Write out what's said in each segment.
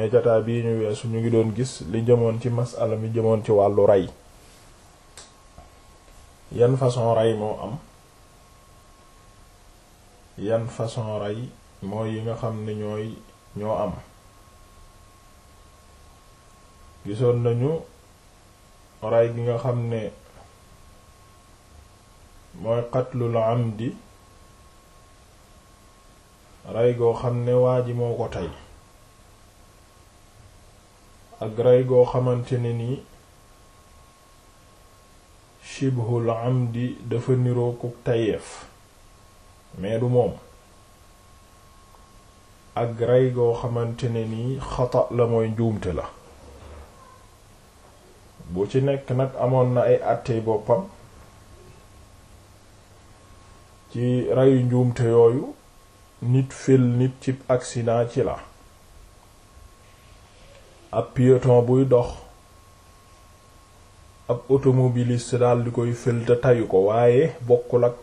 ne jataa bii ñu weesu ñu ngi doon gis li jëmoon ci masala mi jëmoon ci wàllu rey yan façon rey moo am yan façon rey mooy yi nga xam ne ñooy ñoo am gisoon nañu rey gi nga xam ne mooy qatlul amdi rey goo xam ne waa ji moo ko tey ak rey goo xamante ne nii shibhul amdi dafa niroo ku tayeef mais du moom ak rey goo xamante ne nii xata la mooy njuumte la bu ci nekk nag amoon na ay àttey boppam ci reyu njuumte yooyu nit fil nit cib accident ci la ab piéton buy dox ab automobiliste daal di koy fël te ko waaye bokkul ak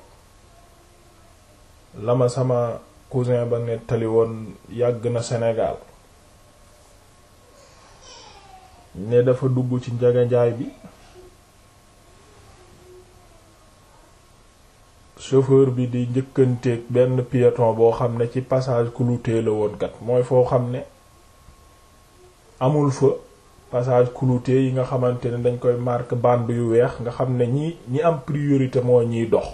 lama sama cousin ba nettali woon yàgg na senegaal ne dafa dugg ci njaganjaay bi chauffeur bi di njëkkanteeg benn piéton boo xam ne ci passage clouté woon kat mooy foo xam ne amul fa passage clouté yi nga xamante ne dañ koy marqué bande yu weex nga xam ne ñi ñi am priorité moo ñiy dox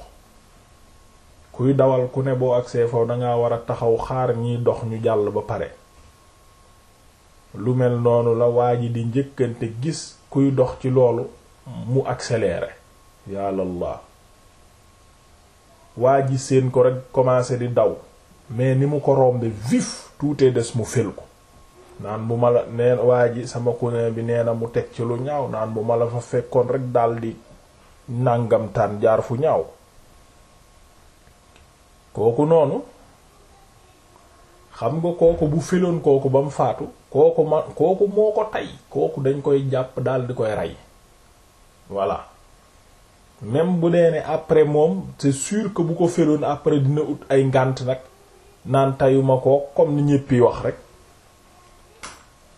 kuy dawal ku ne boo agsee foofu dangaa war a taxaw xaar ñiy dox ñu jàll ba pare lu mel noonu la waa ji di njëkkante gis kuy dox ci loolu mu accéléré yàlla la waa ji seen ko rek commencé di daw mais ni mu ko rombe vif tuutee des mu fel ko naan bu ma la neen waa ji sama cousin bi nee na mu teg ci lu ñaaw naan bu ma la fa fekkoon rek daldi nàngamtaan jaar fu ñaaw kooku noonu xam nga kooku bu filoon kooku ba mu faatu kooku ma kooku moo ko tey kooku dañ koy jàpp dal di koy rey voilà même bu dee ne après moom c'est sûr que bu ko filoon après dina ut ay ngànt nag naan teyuma ko comme ni ñëpp wax rek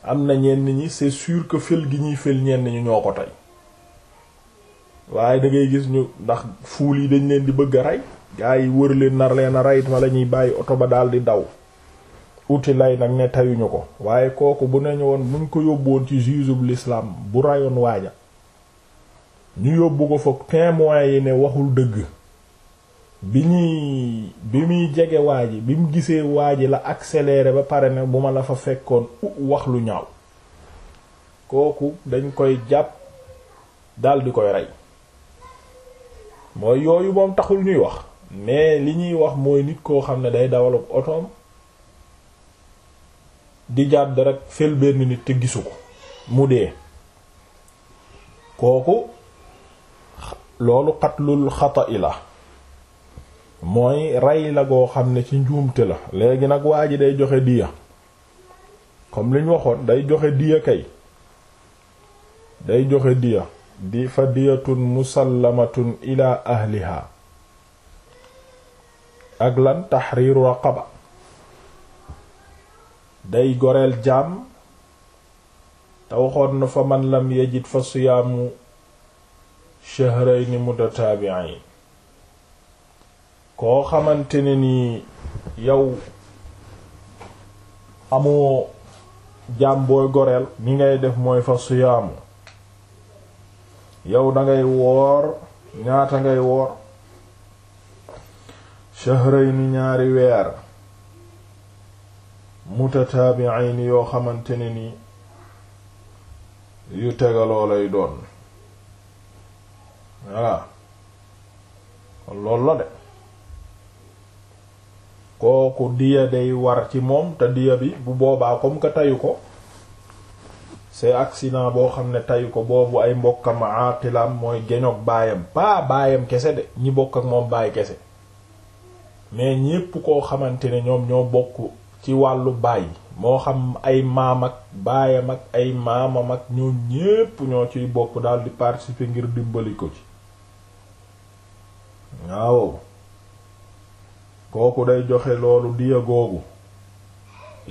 am na ñenn ñi c'est sûr que fël gi ñuy fël ñenn ñu ñoo ko tey waaye da ngay gis ñu ndax fuul yi dañ leen di bëgg a rey gaa yi wër leen na leen a rey ma la ñuy bàyyi oto ba daal di daw uti lay nag ne tayuñu ko waaye kooku bu nañu woon buñ ko yóbbuwoon ci juge bu bu rayoon waaja ñu yóbbu ko foog témoins yi ne waxul dëgg bi ñuy bi muy jege waa bi mu gisee waa ji la accéléré ba pare ne bu ma la fa fekkoon u wax lu ñaaw kooku dañ koy jàpp dal di koy rey mooy yooyu moom taxul ñuy wax mais li ñuy wax mooy nit koo xam ne day dawal otoom di jàdd rek fel benn nit te gisu ko mu dee kooku loolu xatlul xata i la mooy rey la xam ne ci njuumte la léegi nag waa ji day joxe diya comme liñ waxoon day joxe diya kay day joxe diya di fa diyatun musallamatun ila ahliha ak lan tahriru raqaba day goreel jaam te waxoon na fa man lam yajid fa siyaamu shahrayni mutataabi'ayn koo xamante ne ni yow amoo jàmbooy booy goreel ni ngay def mooy fa siyaamu yow dangay woor ñaata ngay woor shahrayni ñaari weer mutataabi'ayni yoo xamante ne ni yu tegaloo lay doon voilà kon la de kooku diya day war ci moom te diya bi bu boobaa comme que tayu ko c'est accident boo xam ne tayu ko boobu ay mbokkam aqilam mooy geñoog baayam pas baayam kese de ñi bokk ak moom baay kese mais ñépp koo xamante ne ñoom ñoo bokk ci wàllu baay moo xam ay maam ak baayam ak ay maamam ak ñoo ñépp ñoo ciy bokk daal di participer ngir dimbali ko ci waaw kooku day joxe loolu diya googu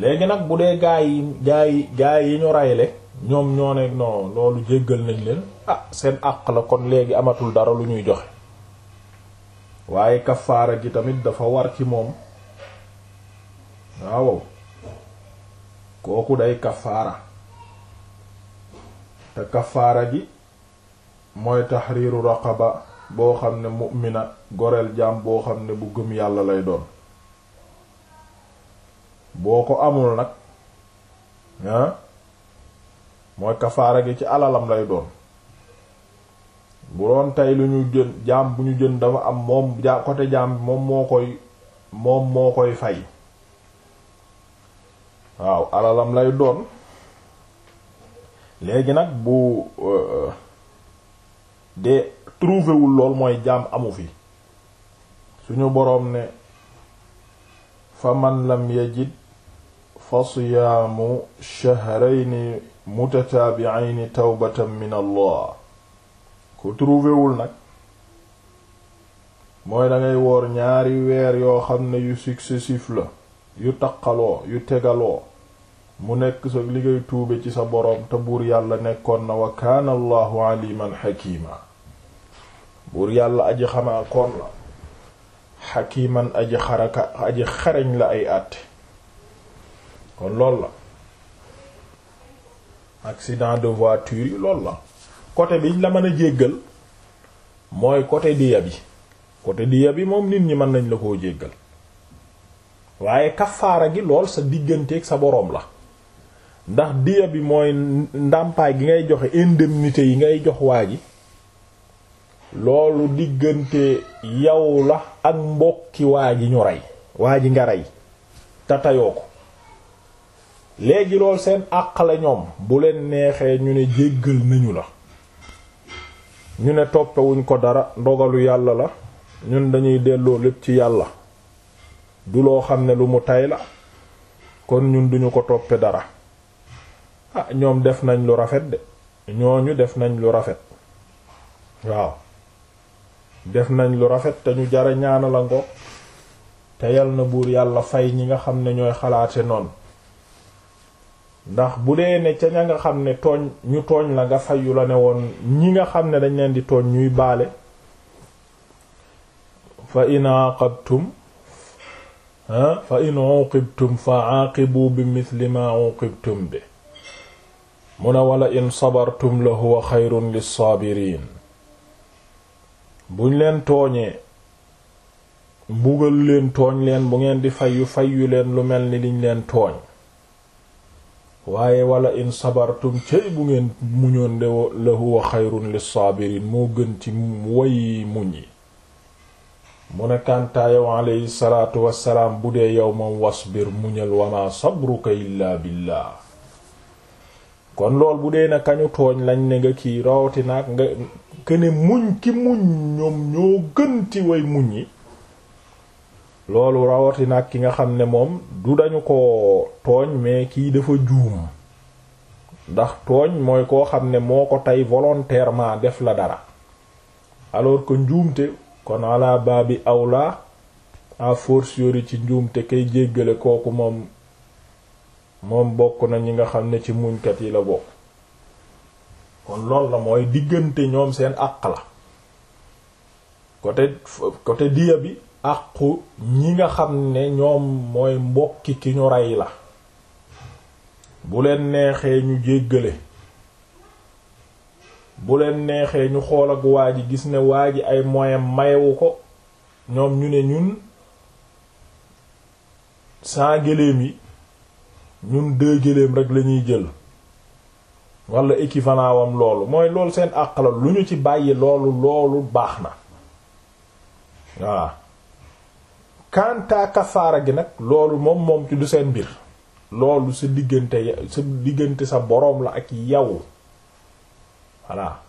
léegi nag bu dee gaay yi gaa yi gaa yi ñu rayle ñoom ñoo ne non loolu jéggal nañ leen ah seen àq la kon léegi amatul dara lu ñuy joxe waaye kafaara gi tamit dafa war ci moom waaw kooku day kafaara te kafaara gi mooy tahriiru raqaba boo xam ne mu'mina goreel jaam boo xam ne bu gëm yàlla lay doon boo ko amul nag ah mooy kafaara gi ci alalam lay doon bu doon tey lu ñu jën jaam bu ñu jën dafa am moom ja côté jaam moom moo koy moom moo koy fay waaw alalam lay doon léegi nag bu. Euh, de trouvé lool mooy jaam amu fi suñu boroom ne fa man lam yajid fa siyaamu shahrayni mutataabi'ayni tawbatan min allah ku trouvé wul nag mooy dangay woor ñaari weer yoo xam ne yu successif la yu taqaloo yu tegaloo mu nekk sa li ngay tuube ci sa boroom te buur yàlla nekkoon na wa kaana allahu aliman xakima buur yàlla aji xamaa koon la xakiman aji xaraka aji xarañ la ay àtte kon lool la accident de voiture yi lool la côté biñ la mën a jéggal mooy côté diya bi côté diya bi moom nit ñi mën nañ la koo jéggal waaye kafaara gi lool sa digganteeg sa boroom la ndax diya bi mooy ndàmpaay gi ngay joxe indemnité yi ngay jox waa ji loolu diggante yow la ak mbokki waa ji ñu rey waa ji nga rey te tayoo ko léegi loolu seen àq ñoom bu leen neexee ñu ne jéggal nañu la ñu ne toppewuñ ko dara ndogalu yàlla la ñun dañuy delloo lépp ci yàlla du loo xam ne lu mu tay la kon ñun duñu ko toppe dara ah ñoom def nañ lu rafet de ñu def nañ lu rafet waaw def nañ lu rafet te ñu jara ñaana la ngo te yal na buur yàlla fay ñi nga xam ne ñooy xalaate noonu ndax bu dee ne ca ña nga xam ne tooñ ñu tooñ la nga fayu la ne woon ñi nga xam ne dañ leen di tooñ ñuy baale fa in aqabtum ah, fa in uqibtum fa aqibu bi mithli ma uqibtum bi mu ne wala in sabartum la huwa xayrun lissaabiriin buñ leen tooñee mbugal leen tooñ leen bu ngeen di fayyu fayyu leen lu mel ni liñ leen tooñ waaye wala in sabartum cëy bu ngeen muñoon de la huwa xayrun lissaabiriin moo gën ci woy muñ yi mu ne kàntaa yow aleyhi salaatu wassalaam bu dee yow moom wasbir muñal wama sabruka illaa billah kon lool bu dee na kañu tooñ lañ ne nga kii rawatina ak nga këne muñ ki muñ ñoom ñoo gën ci way muñ yi loolu rawatina ak ki nga xam ne moom du dañu ko tooñ mais kii dafa juum ndax tooñ mooy koo xam ne moo ko tey volontairement def la dara alors ko njuumte kon ala baa bi awla a fortiori ci njuumte kay jéggale kooku moom moom bokk na ñi nga xam ne ci muñkat yi la bokk kon loolu la mooy diggante ñoom seen àq la côté côté diya bi àqu ñi nga xam ne ñoom mooy mbokki ki ñu rey la bu leen neexee ñu jéggale bu leen neexee ñu xool ak waa ji gis ne waa ji ay moyen mayewu ko ñoom ñu ne ñun saa gëléem yi ñun deux géléem rek lañuy jël walla équivalent wam loolu mooy loolu seen àq la lu ñu ci bàyyi loolu loolu baax na waaw kanta kafaara gi nag loolu moom moom ci du seen mbir loolu sa diggante sa boroom la ak yow voilà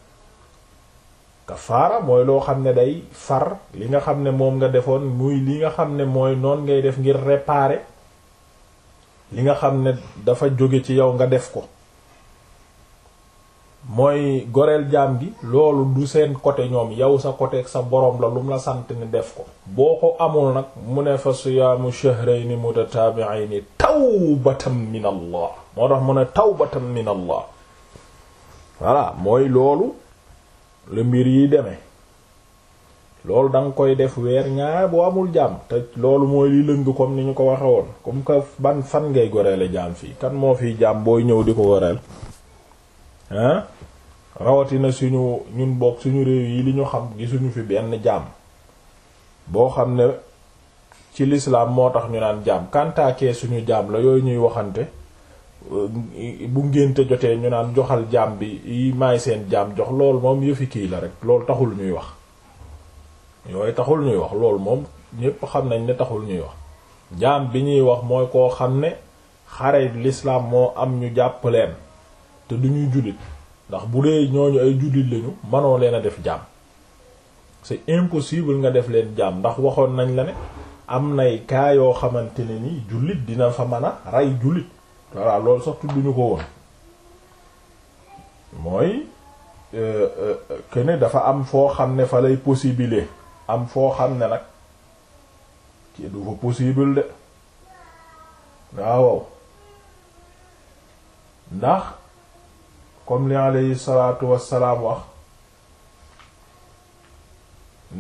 kafaara mooy loo xam ne day far li nga xam ne moom nga defoon muy li nga xam ne mooy noon ngay def ngir réparer li nga xam ne dafa jóge ci yow nga def ko mooy goreel jaam gi loolu du seen côté ñoom yow sa côté ak sa boroom la lum la sant ni def ko boo ko amul nag mu ne fa siyaamu shahrayni mutatabi'ayni tawbatan min allah moo tax mu ne tawbatan min allah voilà mooy loolu la mbir yi demee loolu da nga koy def weer ñaar boo amul jàmm te loolu mooy li lëng comme ni ñu ko waxe woon comme que ban fan ngay goreele jàmm fii kan moo fiy jàmm booy ñëw di ko goreel rawatina suñu ñun bokk suñu réew yi li ñu xam gisuñu fi benn jàmm boo xam ne ci lislaam moo tax ñu naan jàmm kantaakee suñu jàmm la yooyu ñuy waxante euh, bu ngénte jotee ñu naan joxal jàmm bi yi may seen jàmm jox loolu moom yëfi kii la rek loolu taxul ñuy wax yooyu taxul ñuy wax loolu moom ñépp xam nañ ne taxul ñuy wax jaam bi ñuy wax mooy koo xam ne xare lislaam moo am ñu jàpp leen te du ñuy jullit ndax bu dee ñooñu ay jullit lañu manoo leen a def jaam c'est impossible nga def leen jaam ndax waxoon nañ la ne am nay kaa yoo xamante ne ni jullit dina fa man a rey jullit voilà loolu sax tudduñu ko woon mooy euh, euh, que ne dafa am foo xam ne fa lay possible am foo xam ne nag ci du fa possible de waaw ndax comme li alayhi salaatu wassalaam wax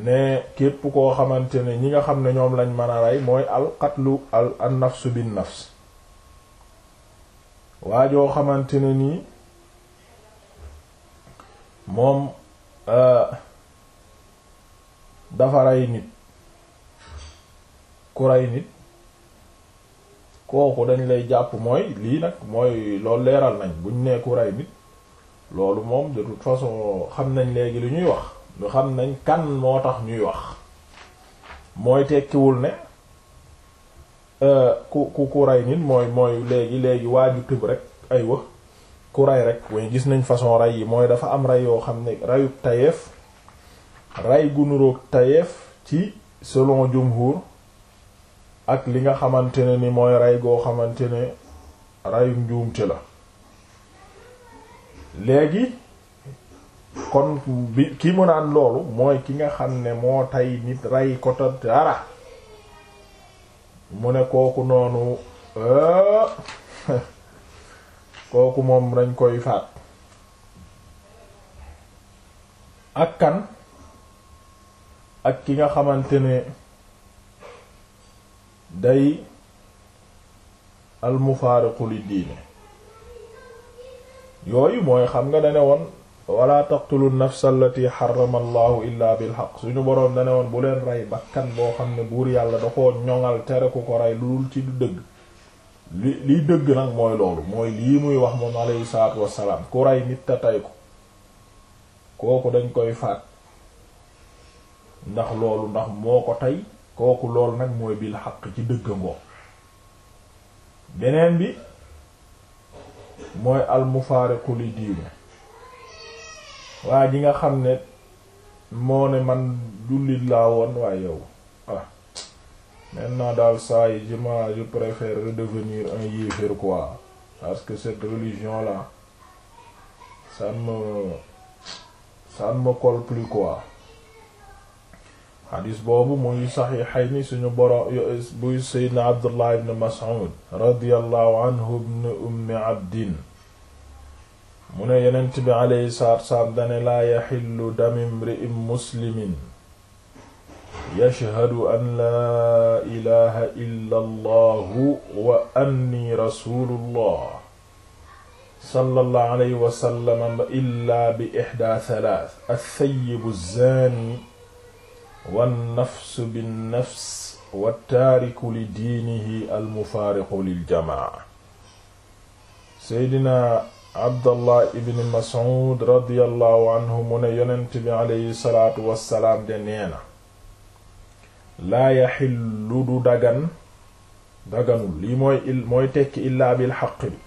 ne képp koo xamante ne ñi nga xam ne ñoom lañ mën a rey mooy al qatlu al an nafsu bin nafs xamante ne nii moom euh, dafa rey nit ku rey nit kooku dañ lay jàpp mooy lii nag mooy loolu leeral nañ buñ nee ku rey nit loolu moom de toute façon xam nañ léegi lu ñuy wax lu xam nañ kan moo tax ñuy wax mooy tekkiwul ne euh, ku ku ku rey nit mooy mooy léegi léegi waaju tëb rek ay wax ku rey rek mooy gis nañ façon rey yi mooy dafa am ray yoo xam ne reyu tayeef ray gu nuroog tayeef ci selon jumhur ak li nga xamante ne ni mooy ray goo xamante ne reyu njuumte la léegi kon bi ki mu naan loolu mooy ki nga xam ne moo tay nit rey ko ta mu ne kooku noonu euh, kooku moom dañ koy faat ak kan ak ki nga xamante ne day almufaariqu li yooyu mooy xam nga dane woon wala taqtulu nafsa allati xarama allahu illa bilxaq suñu boroom dane woon bu leen rey bakkan boo xam ne buur yàlla da ko ñoŋal tere ku ko rey lu dul ci du dëgg li liy dëgg nag mooy loolu mooy lii muy wax moom aleyhi salaatu wassalaam ku rey nit ta tey ko kooku dañ koy faat ndax loolu ndax moo ko tey kooku loolu nag mooy bil xaq ci dëggangoo beneen bi mooy al mufaariqu li diine waa ji nga xam ne moo ne man jullit laa woon waaye yow ah maintenant daal saa yi je ma préfère redevenir un yéeféer quoi parce que cette religion là ça me ça me colle plus quoi xadis boobu muy saxiixay ni suñu boro buy seydna abdullah ibn mas'ud radiallahu anhu ibn ummi abdin mu ne yenent bi aleyhi salaatu wasalaam dane laa yaxillu dami mri'in muslimin yashhadu an laa ilaha illa allahu wa anni rasulullah sallallahu alayhi wa sallam illa bi ixda thalath althayibu zani wannafsu binnafs wattaariku li diinihi almufaariqu liljamaa seydina abdallah ibni mas'ud radiallahu anhu mu ne yonent bi aleyhi salaatu wassalaam de nee na laa yaxillu du dagan daganul lii mooy mooy tekki illaa bilxaq bi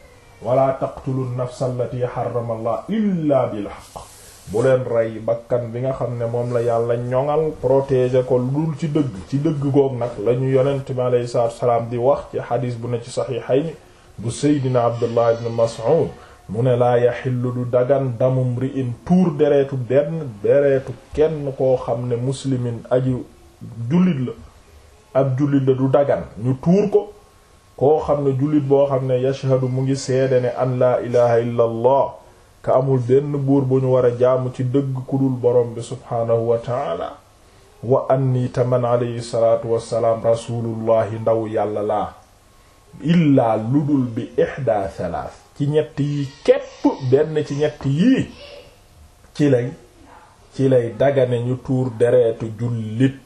wala taqtulu nnafsa allati xarama allah illaa bilxaq bu leen rey bakkan bi nga xam ne moom la yàlla ñoŋal protéger ko lu ci dëgg ci dëgg goog nag la ñu yonent bi aleyhi salaam di wax ci xadiis bu ne ci saxiixayni bu seydina abdullah ibn mu ne laa yaxillu du dagan damum ri in tuur kenn koo xam ne muslimin aji jullit la ab jullit la du dagan ñu tuur ko koo xam ne jullit boo xam ne yashhadu mu ngi seede ne an laa ilaha illa allah te amul benn buur bu ñu war a jaamu ci dëgg ku dul borom bi subhaanahu wa taala wa anni ta man alayhi salaatu wassalaam rasulullahi ndaw yàlla la illaa ludul bi ihda thalath ci ñett yi képp benn ci ñett yii ci lay ci lay dagane ñu tuur dereetu jullit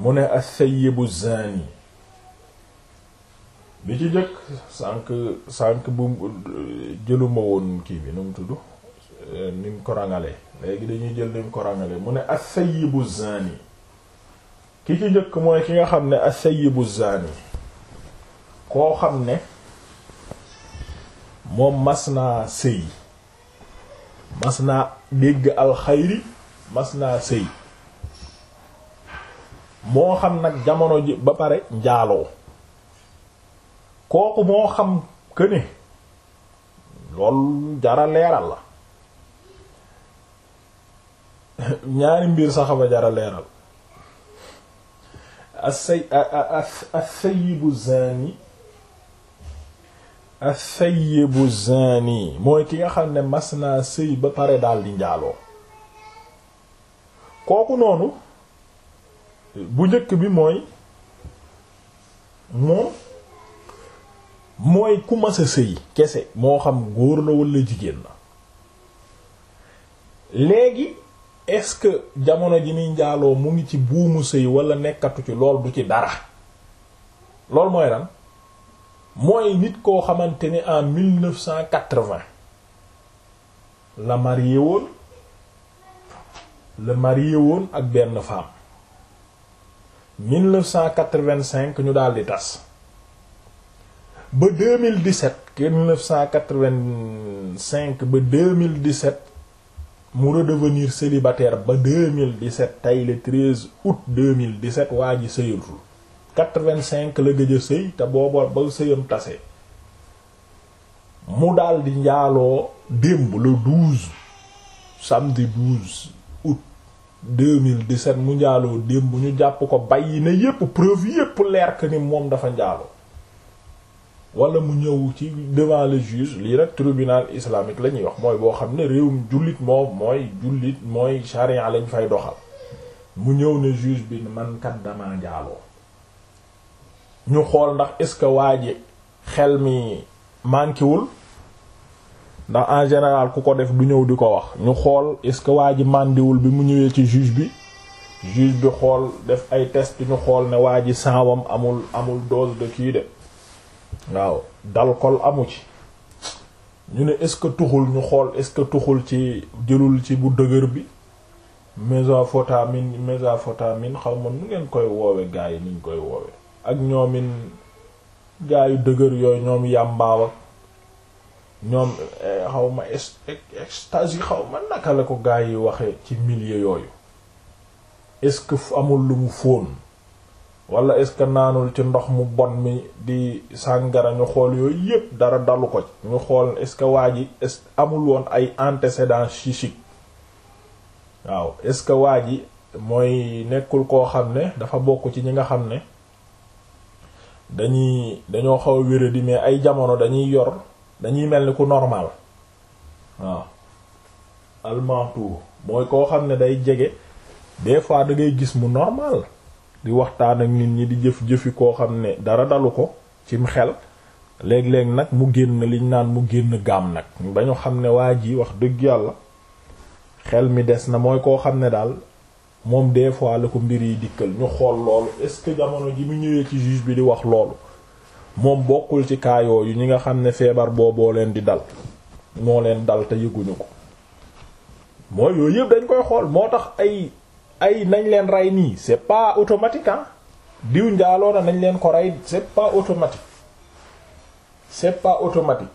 mu ne as-sayyibu zani bi ci jëkk sànq sànq bu jëluma woon kii bi nu mu tudd euh, ni mu ko rangalee léegi dañuy jël ni mu ko rangalee mu ne as-sayyibu zani ki ci njëkk mooy ki nga xam ne ak as-sayyibu zani koo xam ne moom mas naa sëy mas naa dégg alxayri mas naa sëy moo xam nag jamono ba pare njaaloo kooku moo xam que ne loolu jara leeral la ñaari mbir saxaba jara leeral assay assayibu bu assayibu zani mooy ki nga xam ne mas naa sëy ba pare daal di njaaloo kooku noonu bu njëkk bi mooy moom mooy ku mas sëy kese moo xam góor la walla jigéen la léegi est-ce que jamono ji muy njaaloo mu ngi ci buumu sëy walla nekkatu ci lool du ci dara loolu mooy lan mooy nit koo xamante ni en 1980 la marié woon la marié woon ak benn femme 1985 ñu daal di tas ba 2017 cinq ba 2017 mu redevenir célibataire ba 2017 tey le 13 août 2017 waa ji sëyatul 85 la gëj a sëy te booba ba sëyam tase mu daldi njaaloo démb le 12 samedi 12 août 2017 mu njaaloo démb ñu jàpp ko bay yi na yépp preuve yépp leer que ni moom dafa njaaloo wala mu ñëw ci devant le juge lii rek tribunal islamique la ñuy wax mooy boo xam ne réewum jullit moom mooy jullit mooy charia lañ fay doxal mu ñëw ne juge bi man kat dama jaaloo ñu xool ndax est-ce que waa ji xel mi manquéwul ndax en général ku ko def du ñëw di ko wax ñu xool est-ce que waa ji màndiwul bi mu ñëwee ci juge bi juge bi xool def ay test ñu xool ne waa ji saawam amul amul dose de kii de waaw dal amu ci ñu ne est-ce que tuxul ñu xool est-ce que tuxul ci jëlul ci bu dëgër bi méthamphétamine méthamphétamine xaw ma nu ngeen koy woowe gaa yi niñ koy woowe ak ñoomin gaa yu dëgër yooyu ñoom yàmbaaw ak ñoom eh, xaw ma extase yi xaw ma naka la ko gaa yi waxee ci millier yooyu est-ce que amul lu mu fóon wala est-ce que naanul ci ndox mu bon mi di sàngara ñu xool yooyu yépp dara dalu ko ci ñu xool est-ce que waa ji est amul woon ay antécédents psychiques waaw est-ce que waa ji mooy nekkul koo xam ne dafa bokk ci ñi nga xam ne dañuy dañoo xaw a wéradi mais ay jamono dañuy yor dañuy mel ni ku normal waaw almantu mooy koo xam ne day jege des fois da gis mu normal di waxtaan ak nit ñi di jëf-jëfi koo xam ne dara dalu ko ci mu xel léeg-léeg nag mu génn liñ naan mu génn gaam nag ba ñu xam ne waa ji wax dëgg yàlla xel mi des na mooy koo xam ne daal moom des fois la ko mbir yi dikkal ñu xool loolu est-ce que jamono ji mu ñëwee ci juge bi di wax loolu moom bokkul ci kaayoo yu ñi nga xam ne feebar booboo leen di dal moo leen dal te yëguñu ko mooy yooyu yëpp dañ koy xool moo tax ay ay nañ leen rey nii c'est pas automatique ah diw njaaloona nañ leen ko rey c'est pas automatique c'est pas automatique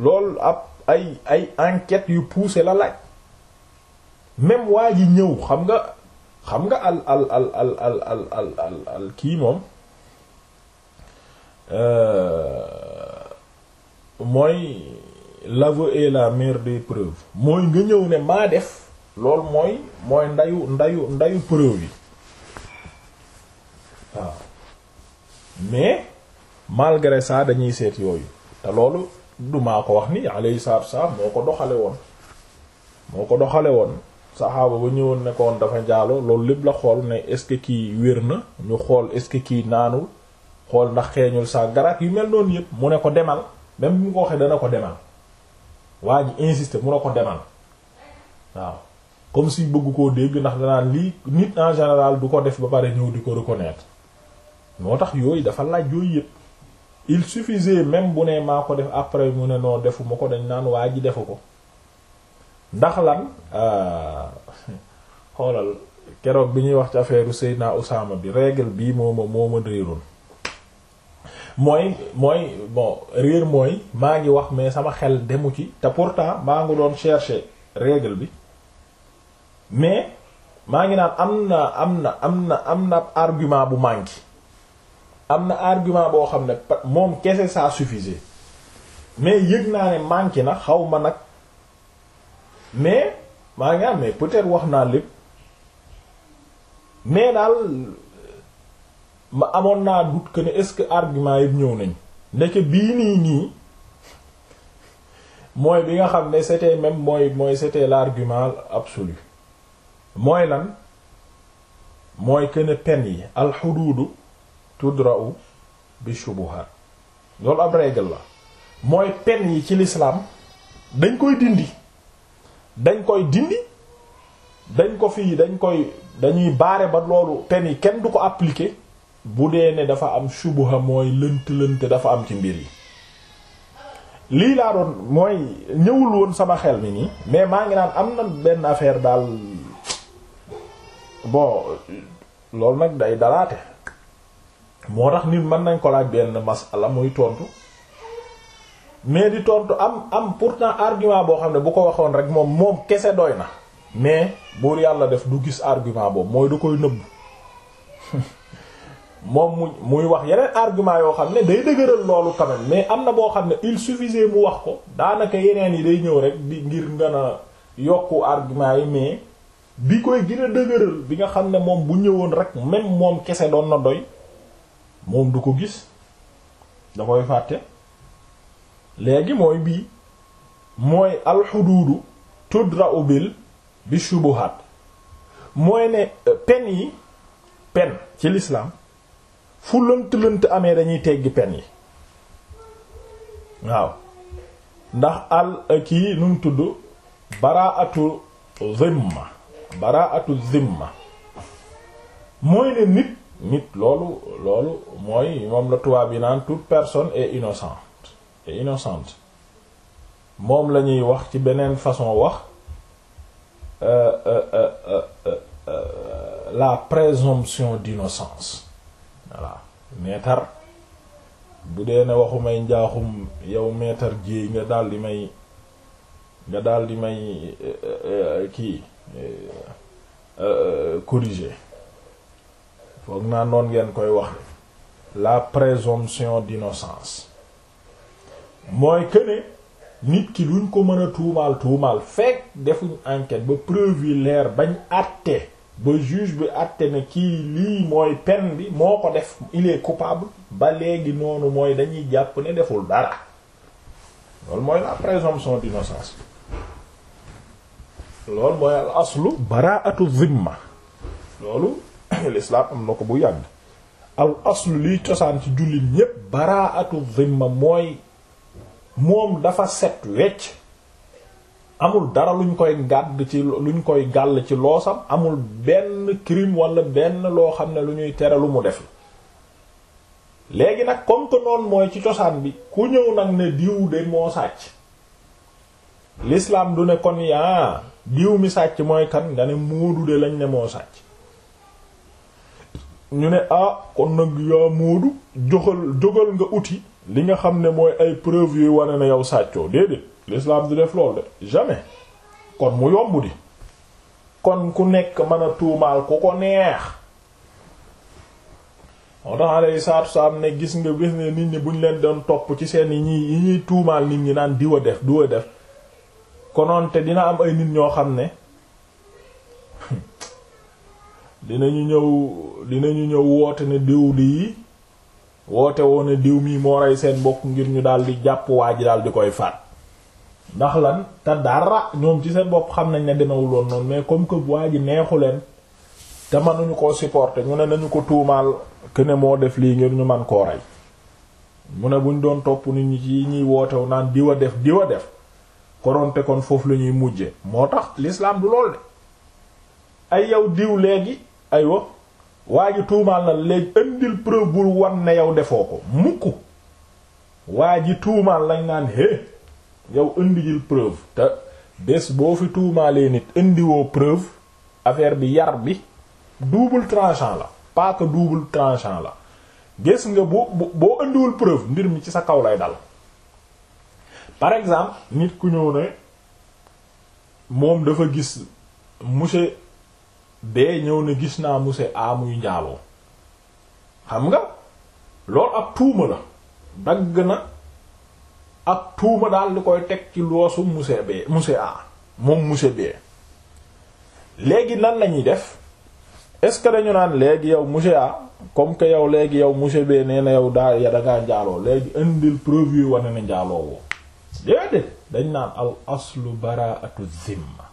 loolu ab ay ay enquête yu poussé la laaj même waa gi ñëw xam nga xam nga al al al al al al al kii moom euh, mooy l'aveu est la mère des preuves mooy nga ñëw ne maa def loolu mooy mooy ndayu ndayu ndayu preuve yi waaw mais malgré saa dañuy seet yooyu te loolu dumaa ko wax ni alayhi salaatu wassalaam moo ko doxale woon moo ko doxale woon saxaaba ba ñëwoon nekkoon dafa njaaloo loolu lépp la xool ne est-ce que kii wér na ñu xool est-ce que kii naanul xool ndax xeeñul sa garak yu mel noonu yëpp mu ne ko demal même bi mu ko dana ko demal waa ji insister mu ne ko demal waaw comme si bëgg koo dégg ndax danaan lii nit en général du ko def ba pare ñëw di ko reconnaître moo tax yooyu dafa laaj yooyu yëpp il suffisait même bu ne maa ko def après mu ne noo defu ma ko dañ naan waa ji defu ko ndax lan euh, xoolal keroog bi ñuy wax ci affaire Seydina Usaama bi régle bi moo ma moo ma réeroon mooy mooy bon réer mooy maa ngi wax mais sama xel demu ci te pourtant maa ngi doon chercher règle bi mais maa ngi naan am na am na am na am na argument bu manqué am na argument boo xam ne moom kese ça suffisait mais yëg naa ne manqué na xaw ma nag mais maa ngi naan mais pour être wax naa lépp mais daal ma amoon naa doute que ne est-ce que argument yëpp ñëw nañ ndeke bii nii nii mooy bi nga xam ne c'était même mooy mooy c'était l'argument absolu mooy lan mooy këne pen yi alxuduudu tudra'u bi shubuhaat loolu ab règle la mooy pen yi ci lislaam dañ koy dindi dañ koy dindi dañ ko fii dañ koy dañuy baare ba loolu pen yi kenn du ko applike bu dee ne dafa am shubuha mooy lënt-lënt dafa am ci mbir yi lii laa doon mooy ñëwul woon sama xel mi nii mais maa ngi naan am na benn affaire daal bon loolu nag day dalaate moo tax nit mën nañ ko laaj benn masala muy tontu mais di tontu am am pourtant argument boo xam ne bu ko waxoon rek moom moom kese doy na mais buur yàlla def du gis argument boobu mooy du koy nëbb moom mu muy wax yeneen argument yoo xam ne day dëgëral loolu quand mais am na boo xam ne il suffisait mu wax ko daanaka yeneen yi day ñëw rek di ngir gën a yokku argument yi mais bi koy gën a dëgëral bi nga xam ne moom bu ñëwoon rek même moom kese doon na doy moom du ko gis da koy fàtte léegi mooy bii mooy alxuduudu tudra ubil bi shubuhat mooy ne euh, pen yi pen ci l'islam fu lënt lënt amee dañuy teggi pen yi waaw ndax al euh, kii nu tudd baraatu zimma baraatu zimma mooy ne nit nit loolu loolu mooy moom la tubaab yi personne et innocente est innocente moom la ñuy wax ci beneen façon wax euh, euh, euh, la présomption d'innocence voilà meetar bu dee ne waxu may njaaxum yow meetar jéey nga daal di may nga daal di may kii Euh, euh, corriger foog naa noon ngeen koy wax la présomption d'innocence mooy que nit ki luñ ko mën a tuumaal tuumaal fekk defuñ enquête ba preuve yi leer bañ àtte ba juge bi àtte ne kii lii mooy peine bi moo ko def il coupable ba léegi noonu mooy dañuy jàpp ne deful dara loolu mooy la présomption d'innocence loolu mooy al aslu baraatu zimma loolu lislaam am na ko bu yàgg al aslu liy cosaan ci jullit ñépp baraatu zimma mooy moom dafa set wecc amul dara luñ koy gàdd ci luñ koy gàll ci loosam amul benn crime walla benn loo xam ne lu ñuy tere lu mu def léegi nag comme noonu mooy ci cosaan bi ku ñëw nag ne diw de moo sàcc lislaam du ne kon yaa diw mi sàcc mooy kan nga ne Moodu de lañ ne moo sàcc ñu ne ah kon nag yaa Moodu joxal jógal nga uti li nga xam ne mooy ay preuve yuy wane na yow sàccoo déedéet l'islam du def loolu de jamais kon mu yomb di kon ku nekk mën a tuumaal ku ko neex moo tax alayhi salaatu salaam ne gis nga bis ne nit ñi buñ leen doon topp ci seen yi ñuy yi ñuy tuumaal nit ñi naan diwa def diwa def konoon te dina am ay nit ñoo xam ne dinañu ñëw dinañu ñëw woote ne diw lii woote woo ne diw mii moo rey seen bokk ngir ñu daal di jàpp waa ji daal di koy faat ndax lan te dara ñoom ci seen bopp xam nañ ne demewul woon noonu mais comme que waa ji neexu leen te mënuñu ko supporter mu ne nañu ko tuumaal que ne moo def lii ngir ñu man koo rey mu ne buñ doon topp nit ñi ci ñuy wootew naan diwa def diwa def konoonte kon foofu la ñuy mujje moo tax lislaam du lool de ay yow diw léegi aywa waa ji tuumaal na léegi indil preuve bul wan na yow defoo ko mukk waa ji tuumaal lañ naan é yow indil preuve te bés boo fi tuumaalee nit indiwoo preuve affaire bi yar bi double tranchant la pas que double tranchant la gis nga boo boo indiwul preuve mbir mi ci sa kaw lay dal par exemple nit ku ñëw ne moom dafa gis monsieur B ñëw ne gis naa monsieur A muy njaaloo xam nga loolu ab tuuma la dagg na ab tuuma daal di koy teg ci loosu monsieur B monsieur A moom monsieur B léegi nan lañuy def est-ce que dañu naan léegi yow monsieur A comme que yow léegi yow monsieur B nee na yow daa ya dangaa njaaloo léegi indil preuve yu wane ne njaaloo woo déedéet dañ naan al aslu baraatu zimma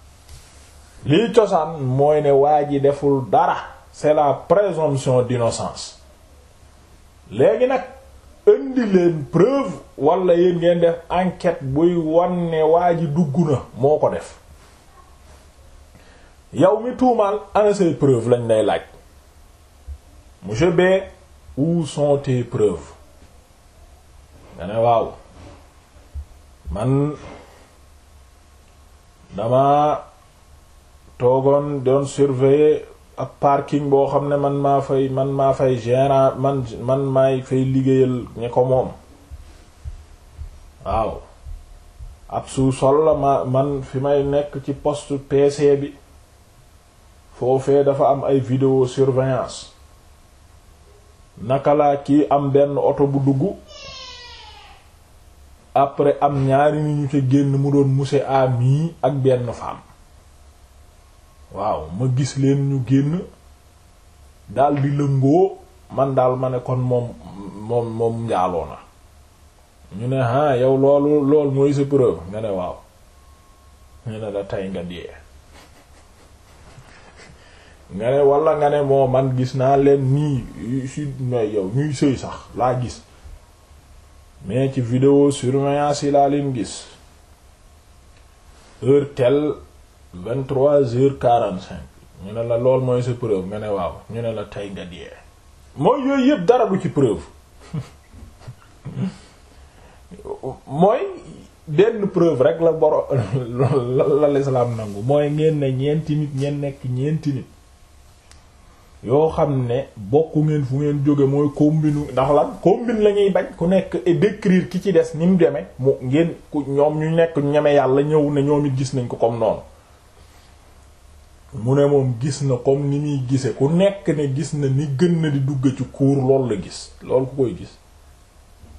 lii cosaan mooy ne waa ji deful dara c'est la présomption d'innocence léegi nag indi leen preuve wala yéen ngeen def enquête buy wan ne waa ji dugg na moo ko def yow mi tuumaal ana say preuve lañ lay laaj monsieur B où sont tes nga ne waaw man dama toogoon doon surveiller ab parking boo xam ne man maa fay man maa fay gérant man man maay fay liggéeyal ne ko moom waaw ab sous la ma man fi may nekk ci poste PC bi foofee dafa am ay video surveillance naka laa kii am benn oto bu duggu après am ñaari nit ñu ca génn mu doon monsieur ami ak benn femme waaw ma gis leen ñu génn daal di lëngoo man daal ma ne kon moom moom moom ñu ne ah yow loolu lool mooy sa preuve nga ne waaw ñu ne la tey nga dee nga ne wala nga ne moo man gis naa leen nii si may yow ñuy sëy sax laa gis mais ci vidéo surveillance yi laa leen gis heure telle vingt-trois heures quarante-cinq ñu ne la lool mooy sa preuve nga waaw ñu ne la tey nga dee mooy yooyu yëpp dara du ci preuve mooy benn preuve rek la boro la lislaam nangu mooy ngeen ne ñeenti nit ngeen nekk ñeenti nit yoo xam ne bokku ngeen fu ngeen jóge mooy combine ndax lan combine la bañ ku nekk et ki ci des ni mu demee mu ngeen ku ñoom ñu nekk ñeme yàlla ñëw ne ñoom gis nañ ko comme noonu mu ne moom gis na kom ni muy gise ku nekk ne gis na ni gën na di dugg ci kuur loolu la gis loolu ku koy gis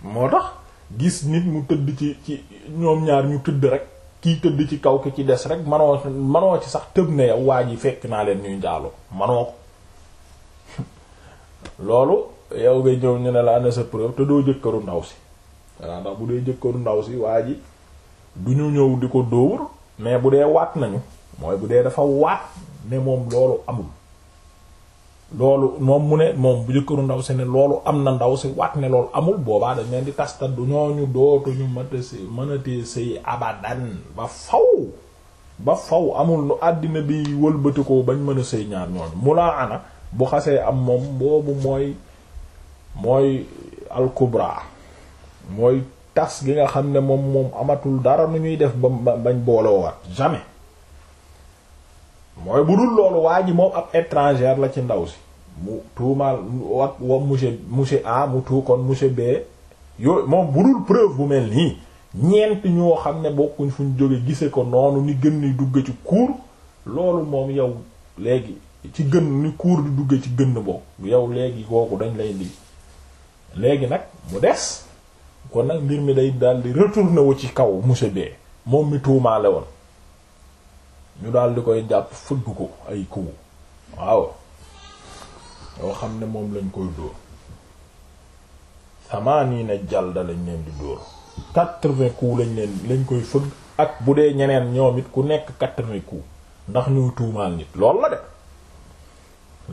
moo tax gis nit mu tëdd ci ci ñoom ñaar ñu tëdd rek kii tëdd ci kaw ki ci des rek manoo manoo ci sax tëb na yow waa ji fekk naa leen ñuy njaaloo manoo ko loolu yow ngay ñëw ñu ne la ana sa preuve te doo jëkkëru ndaw si waaw ndax bu dee jëkkëru ndaw si waa ji du ñu ñëw di ko dóor mais bu dee waat nañu mooy bu dee dafa waat ne moom loolu amul loolu moom mu ne moom bu jëkkëru ndaw si ne loolu am na ndaw si waat ne loolu amul boobaa dañ di tastat du ñooñu ñu mënate si mënatee sëy abadan ba faw ba faw amul lu àddina bi wëlbatikoo bañ mën a sëy ñaar ñooñu mulaa ana bu xasee am moom boobu mooy mooy alkubra mooy tas gi nga xam ne moom moom amatul dara nu ñuy def ba bañ boolewaat jamais mooy bu dul loolu waa ji moom ab étranger la ci ndaw si mu tuumaal wat wa monsieur monsieur A mu tuu kon monsieur B yooyu moom bu dul preuve bu mel nii ñeent ñoo xam ne bokkuñ fuñ jóge gise ko noonu ni gën ni dugg ci cour loolu moom yow léegi ci gën ni kuur di dugge ci gën boobu yow léegi kooku dañ lay lii léegi nag mu des kon nag mbir mi day daal di retourné wu ci kaw monsieur B moom mi tuumaale woon ñu daal di koy jàpp fëgg ko ay kuwu waaw yoo xam ne moom lañ koy dóor samaanii na jàll lañ leen di dóor quatre-vingts lañ leen lañ koy fëgg ak bu dee ñeneen ñoom it ku nekk quatre-vingts ndax ñuy tuumaal nit lool la de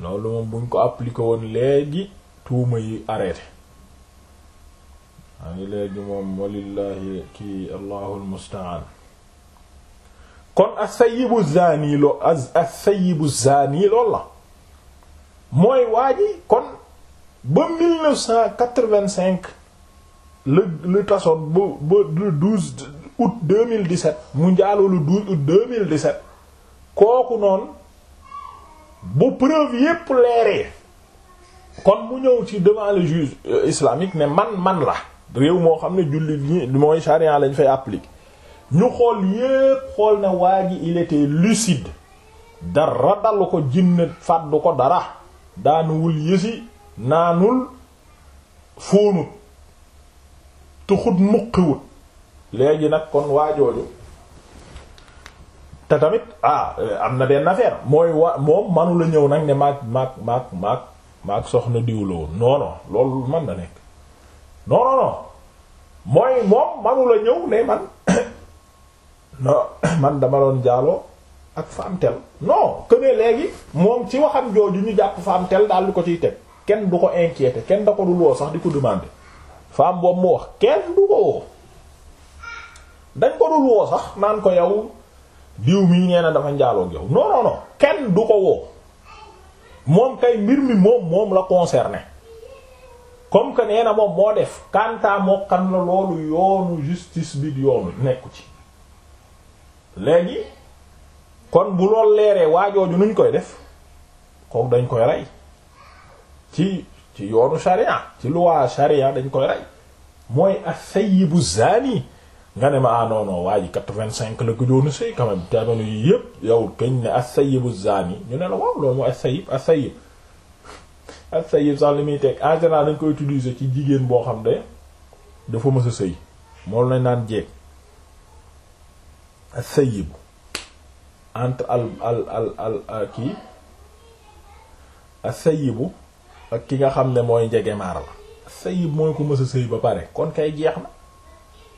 loolu moom buñ ko appliqué woon léegi tuuma yi arrêté waa ngi léegi moom walillahi kii allahu almustaan kon as-sayyibu zani lo as-sayyibu zani loolu la mooy waa ji kon ba 1985 la la tasoon ba ba le 12 août 2017 mu njaaloo le 12 août 2017 kooku noonu bu preuve yépp leeree kon mu ñëw ci devant le juge euh, islamique ne man man la réew moo xam ne jullit ñi mooy charia lañ fay appliquer ñu xool yépp xool na waa ji il était lucide dara dalu ko jinne fàddu ko dara daanuwul yësi naanul fóonut tuxut muqiwut léegi nag kon waajooju te tamit ah am na benn affaire mooy wa moom manu la ñëw nag ni maag maag maag maak soxna diw la woon loolu man na nekk non non non mooy moom manu la ñëw ne man dama doon jaaloo ak faam tel non que léegi moom ci waxam jooju ñu jàpp faamtel daal di ko ciy teg kenn du ko inquiété kenn da ko dul woo sax di ko demandé faam boobu mu wax kenn du ko woo dañ ko dul woo sax naan ko yow. diw mii nee na dafa njaaloog yow non kenn du ko woo moom kay mbir mi moom moom la concerné comme que nee na moom moo def kantaa moo xam la loolu yoonu justice bi yoonu nekku ci léegi kon bu lool leeree waajooju nuñ koy def kook dañ koy rey ci ci yoonu sharia ci loi sharia dañ koy rey mooy as-sayyibu zani nga ne ma ah non ji quatre-vingt-cinq la gëjoonu sëy quand même jamono yi yëpp yow kañ ne as-sayyibu zani ñu ne la waaw loolu mooy as-sayyib as-sayyib as-sayyib sax li muy teg en utiliser ci jigéen boo xam ne dafa mës sëy moom lañ naan jeeg as-sayyib entre al al al al kii as-sayyibu ak ki nga xam ne mooy njegemaar la as mooy ko mës a sëy ba pare kon kay jeex na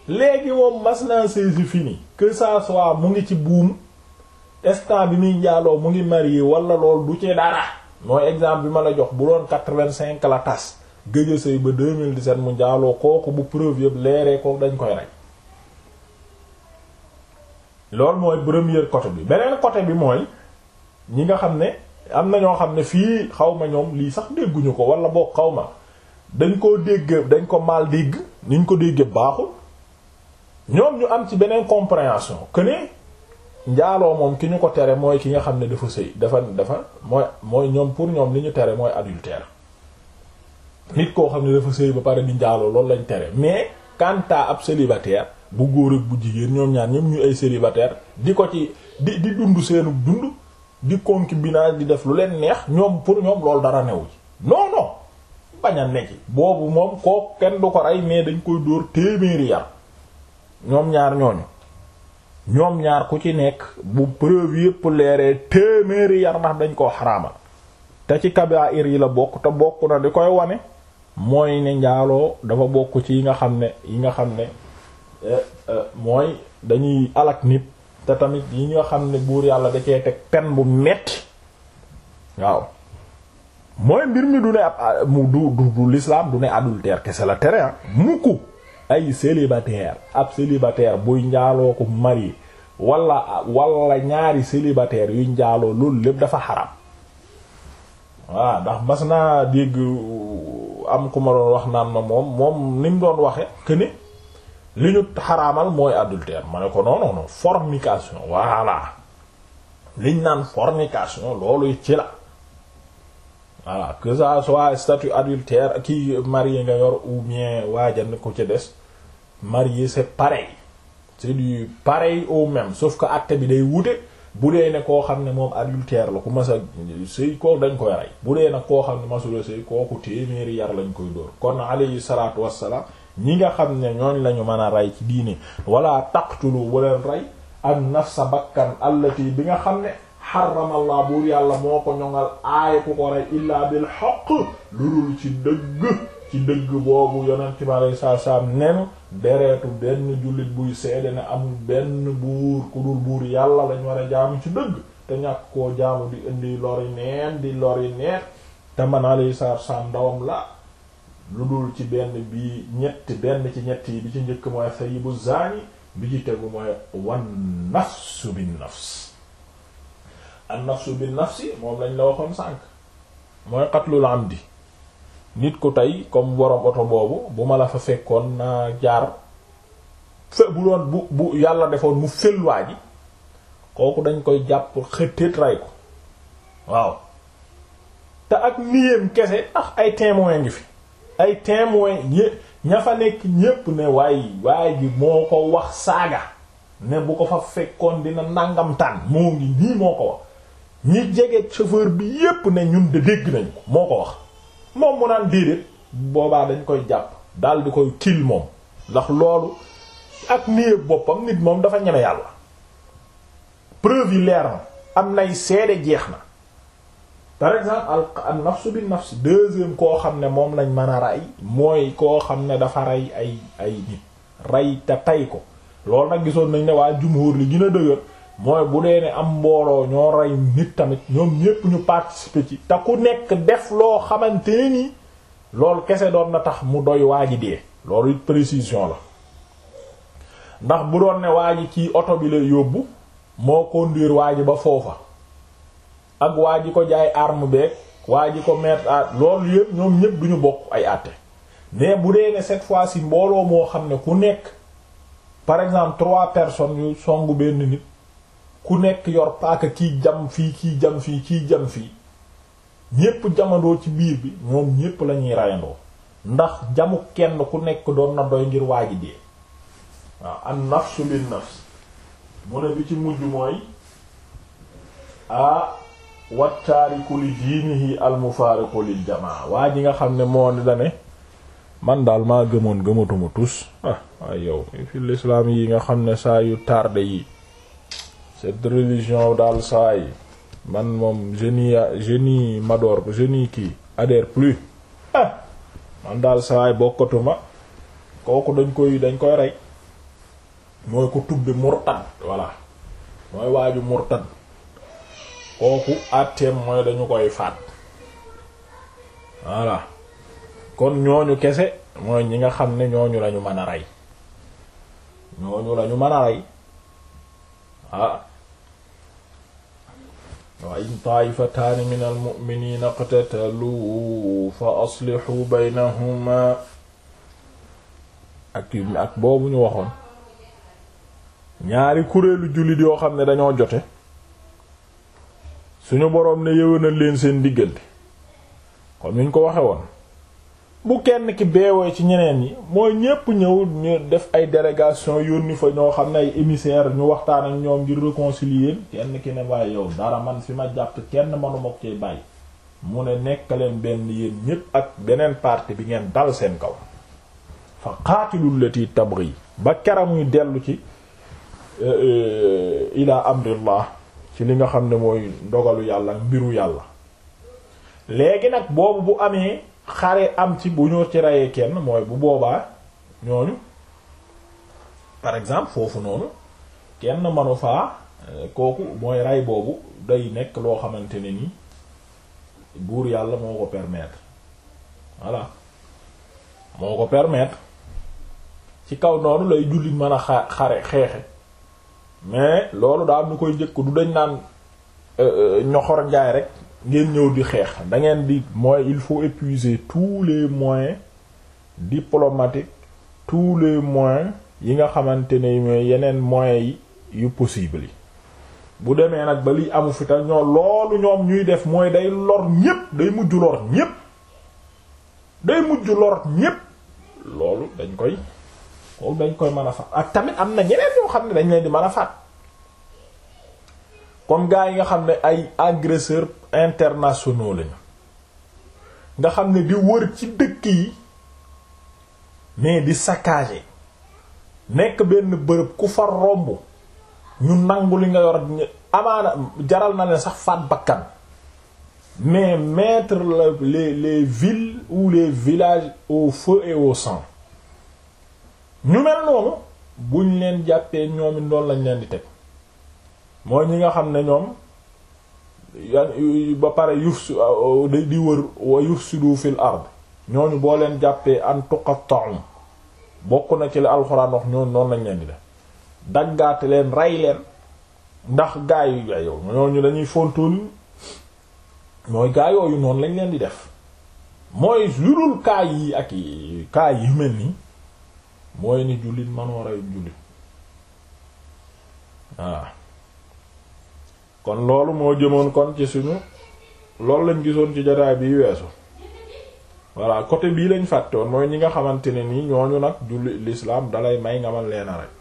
léegi moom mas naa saisi fini que ça soit mu ngi ci buum instant bi muy njaaloo mu ngi marié wala lool du ci dara mooy exemple bi ma la jox bu doon quatre-vingt-cinq la tas gëj sëy ba 2017 mu njaaloo kooku bu preuve yëpp leeree ko dañ koy rey loolu mooy première côté bi beneen côté bi mooy ñi nga xam ne am na ñoo xam ne fii xaw ma ñoom lii sax dégguñu ko wala boog xaw ma dañ koo dégg dañ ko mal dégg niñ ko déggee baaxul ñoom ñu am ci beneen compréhension que ne njaaloo moom ki ñu ko tere mooy ki nga xam ne dafa sëy dafa dafa mooy mooy ñoom pour ñoom li ñu tere mooy adultère nit koo xam ne dafa sëy ba pare di njaaloo loolu lañ tere mais quant ab célibataire bu góor ak bu jigéen ñoom ñaar ñoom ñu ay célibataire di ko ci di di dund seenu dund di concubinage di def lu leen neex ñoom pour ñoom loolu dara new ci non non bañ a nekk boobu moom koo kenn du ko rey mais dañ koy dóor téeméeri yar ñoom ñaar ñooñu ñoom ñaar ku ci nekk bu preuve yépp leeree téeméeri yar ndax dañ koo xaraamal te ci kabaa'ir yi la bokk te bokk na di koy wane mooy ne njaaloo dafa bokk ci yi nga xam ne yi nga xam ne eh, eh, mooy dañuy alak nit te tamit yi nga xam ne buur yàlla da cee teg pen bu metti waaw mooy mbir mi du ne ab ah, mu du du lislaam du ne adultère kese la tere ah, mukk ay célibataire ab célibataire buy njaaloo ko mari wala wala ñaari célibataire yuy njaaloo loolu lépp dafa xaram waaw ndax mas naa dégg uh, am ku ma doon wax naan ma moom moom ni mu doon waxe que ne li ñu xaraamal mooy adultère ma ne ko non non non liñ naan fornication loolu ci la voilà que ça soit statut adultère ki marié nga yor ou bien waajan ko ca des marié c'est pareil c'est du pareil au même sauf que acte bi day wute bu dee ne koo xam ne moom adultère la ku mas a sëy kooku dañ koy rey bu dee nag koo xam ne masula sëy kooku téeméeri yar lañ koy dóor kon alayhi salaatu wassalaam ñi nga xam ne ñooñ lañu mën a rey ci diine wala taqtulu bu leen rey ak sa bakkan allati bi nga xam ne xaramallah buur yàlla moo ko ñoŋal aaya ku ko rey illaa bil xaq lu dul ci dëgg ci dëgg boobu yonent bi alei saatu salaam nen dereetu benn jullit buy seede ne amul benn buur ku dul buur yàlla lañ war a jaamu ci dëgg te ñàkk koo jaamu di indi lori di lori neex te man alei saatu salaam ndawam la lu dul ci benn bi ñetti benn ci ñett yi bi ci njëkk mooy sayibu zaani bi ci tegu mooy wan nafsu bin nafs an nafsu bin nafsi moom lañ la waxoon sànq mooy qatlul amdi nit ku tey comme borom oto boobu bu ma la fa yàlla defoon mu fëlwaa kooku dañ koy jàpp xëttéet waaw te ak niyem kese ndax ay témoin ngi fi ay témoin ña fa nekk ñépp ne waay waay ji moo ko wax saaga ne bu ko fa fekkoon dina nàngamtaan moo ngi nii moo ko wax ñi jege chauffeur bi yépp ne ñun de dégg nañ moo ko wax moom mu naan déedéet boobaa dañ koy jàpp daal di koy kill moom ndax loolu ak niyeeb boppam nit moom dafa ñeme yàlla preuve yi leer am nay seede jeex na par exemple al nafsu bin nafs deuxième koo xam ne moom lañ mën a rey mooy koo xam ne dafa rey ay ay nit rey te tay ko loolu nag gisoon nañ ne waa jumhur li gën a dëgër mooy bu dee ne am mbooloo ñoo rey nit tamit ñoom ñépp ñu participer ci te ku nekk def loo xamante ne ni loolu kese doon na tax mu doy waa ji dee loolu it précision la ndax bu doon ne waa ji ci oto bi la yóbbu moo conduire waa ji ba foofa ak waa ji ko jaay arme beeg waa ji ko mettre à loolu yépp ñoom ñépp duñu bokk ay àtte mais bu dee ne cette fois-ci mbooloo moo xam ne ku nekk par exemple trois personnes yu songu benn nit. ku nekk yor paaka kii jam fii kii jam fii kii jam fii ñépp jamandoo ci biir bi moom ñépp lañuy rayandoo ndax jamu kenn ku nekk doon na doy ngir waaji dee waaw an nafsu bin nafs mu ne bi ci mujj mooy a wattaariku li diinihi al mufaariqu lil jamaa waa ji nga xam ne moo ne man daal maa gëmoon gëmatuma tus waaye ah, yow fi lislaam yi nga xam ne saa yu tarde yi cette religion daal saa man moom jeni jeni madoor jeni kii adhère plus ah man daal saa yi bokkatuma kooku dañ koy dañ koy rey mooy ko tubbi murtad voilà mooy waaju murtad kooku àtteem mooy dañu koy faat voilà kon ñooñu kese mooy ñi nga xam ne ñooñu lañu man a rey ñooñu lañu mën a rey ah wa in taa'ifataani mina al-mu'miniina iqtataluu fa aslihuu baynahumaa ak ak boobu ñu waxoon ñaari kuréelu jullit yoo xam ne dañoo jote suñu boroom ne yëwénal leen seen diggante kon ñu ko waxe woon bu kenn ki beewee ci ñeneen ñi mooy ñépp ñëw ñu def ay délégation yónni fa ñoo xam ne ay émissaire ñu waxtaan ak ñoom ngir réconcilier kenn ki ne waaye yow dara man fi ma jàpp kenn manu ma cee bàyyi mu ne nekk leen benn yéen ñépp ak beneen parti bi ngeen dal seen kaw fa qaatilul lati tabghi ba keramuy dellu ci euh, euh, ila amrillah ci li nga xam ne mooy ndogalu yàlla mbiru yàlla léegi nag boobu bu amee xare am ci bu ñu ci rayee kenn mooy bu boobaa ñooñu par exemple foofu noonu kenn manu faa euh, kooku mooy rey boobu day nekk loo xamante ne ni buur yàlla moo ko permettre voilà moo ko permettre ci kaw noonu lay jullit mën a xare xeexe mais loolu daal nu koy jëkk du dañ naan euh, euh, ñoxor jaay rek ngeen ñëw di xeex dangeen ngeen di mooy il faut épuiser tous les moyens diplomatiques tous les moyens yi nga xamante ne mooy yeneen moyens yi yu possible yi bu demee nag ba liy amu fi te loolu ñoom ñuy def mooy day lor ñépp day mujj lor ñépp day mujj lor ñépp loolu dañ koy loolu dañ koy mën a faat ak tamit am na ñeneen ñoo xam ne dañ leen di mën a faat kon gars yi nga xam ne ay agresseurs internationaux lañu nga xam ne di wër ci dëkk yi mais di saccager nekk benn bërëb ku fa romb ñu nangu li nga yor amaana jaral na leen sax faat bakkan mais mettre les les villes ou les villages au feu et au sang ñu mel noonu buñ leen jàppee ñoom it lañ leen di teg. mooy ñi nga xam ne ñoom ba pare yufsi uh, day di wër wa yufsidu fil ard ñooñu boo leen jàppee an tuqatta'u bokk na ci la alxuraan wax ñooñu noonu lañ leen di def daggaate leen rey leen ndax gaa yu yow ñooñu dañuy gaa yooyu noonu lañ leen di def mooy ludul kaa yi ak kaa yi mel nii mooy ni jullit manoo rey jullit waaw kon loolu moo jëmoon kon ci suñu loolu lañ gisoon ci jotaay bi weesu voilà côté bii lañ fàtte mooy ñi nga xamante ne nii ñooñu nag julli l'islam dalay may nga man leena rek